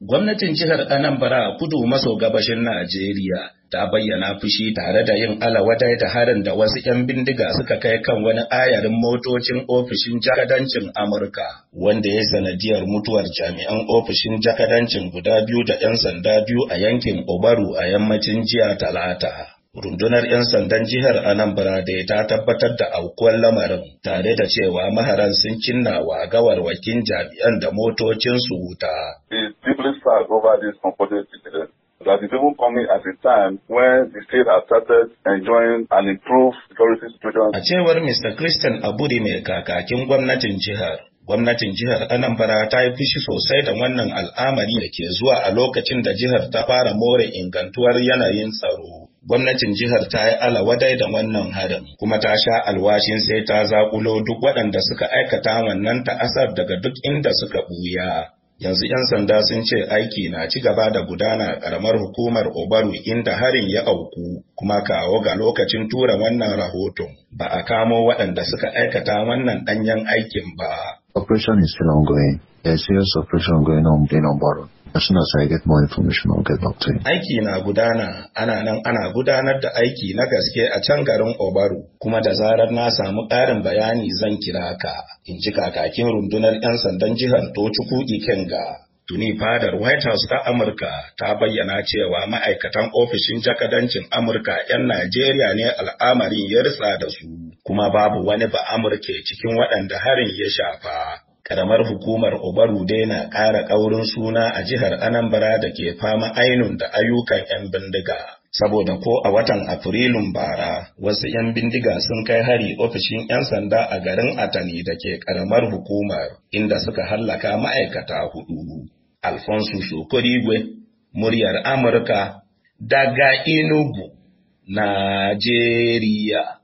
Gwamnatin jihar Anambra a kudu maso gabashin Najeriya ta bayyana fushi tare da yin alawadai da harin da wasu 'yan bindiga suka kai kan wani ayarin motocin ofishin jakadancin Amurka wanda ya sanadiyar mutuwar jami'an ofishin jakadancin guda biyu da 'yan sanda biyu a yankin Obaru a yammacin jiya Talata. Rundunar 'yan sandan jihar Anambra da ta tabbatar da aukuwar lamarin tare da cewa maharan sun cinna wa gawarwakin jami'an da motocin su wuta. Eh, falling flat over these compulsory dividends that is even coming at a time when the state has started enjoying an improved security situation. A cewar Mr. Christian Abudi mai kakakin gwamnatin jihar. Gwamnatin jihar Anambra ta yi fushi sosai da wannan al'amari da ke zuwa a lokacin da jihar ta fara more ingantuwar yanayin tsaro. Gwamnatin jihar ta yi alawadai da wannan harin, kuma ta sha alwashin sai ta zaƙulo duk waɗanda suka aikata wannan ta'asar daga duk inda suka buya. yanzu 'yan sanda sun ce aiki na ci gaba da gudana a ƙaramar hukumar obaru inda harin ya auku kuma kawo ga lokacin tura wannan rahoton ba a kamo waɗanda suka aikata wannan ɗanyen aikin ba. Operation is still ongoing. There is serious operation going on in Obaru. suna get more information on get back to Aiki na gudana, ana nan ana gudanar da aiki na gaske a can garin Obaru, kuma da zarar na samu ƙarin bayani zan kira ka, in ji kakakin rundunar 'yan sandan jihar Tochukwu Ikenga. Tuni fadar White House ta Amurka ta bayyana cewa ma'aikatan ofishin jakadancin Amurka 'yan Najeriya ne al'amarin ya ritsa da su, kuma babu wani ba Amurke cikin waɗanda harin ya shafa. karamar hukumar dai na ƙara ƙaurin suna a jihar Anambra da ke fama ainun da ayyukan 'yan bindiga. Saboda ko a watan Afrilun bara, wasu 'yan bindiga sun kai hari ofishin 'yan sanda a garin Atani da ke karamar hukumar, inda suka hallaka ma'aikata hudu. Alfonso sokorigwe muryar Amurka, daga Inugu, Najeriya.